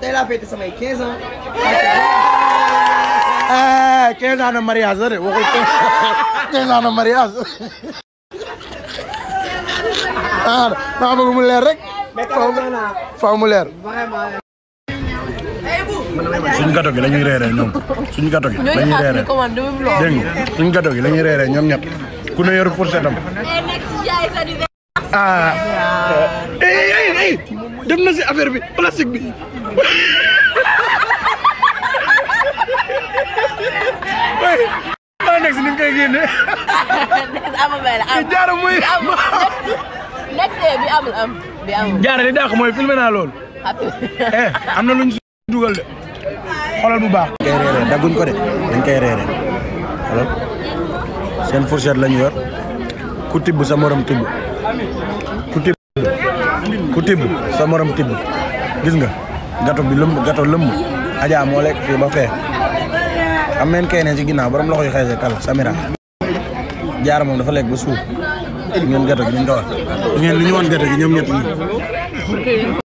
tey laa féete samay 15 ans. quinze ans de mariage la de gato gi la ñuy reeree ñoom suñu gato gi la ñuy reeree dégg nga suñu ñoom ñett ku ne yor fourchette dem na si affaire bi plastique bi. waaw nekk kayak gini? mu koy génne. jaara muy bi am bi li filmé eh ambil na luñ Kalau de xoolal bu baax. dañ koy reeree ko de dañ ku tibb sa morom tibb gis nga gato bi lëmb gato lëmb Adja moo lekk fii ba fee am neen keneen ci ginnaaw borom loxo yu xeesee kal Samira jaar moom dafa lekk ba suuf ngeen gato gi ñu nga ngeen li ñu wan gato gi ñoom ñett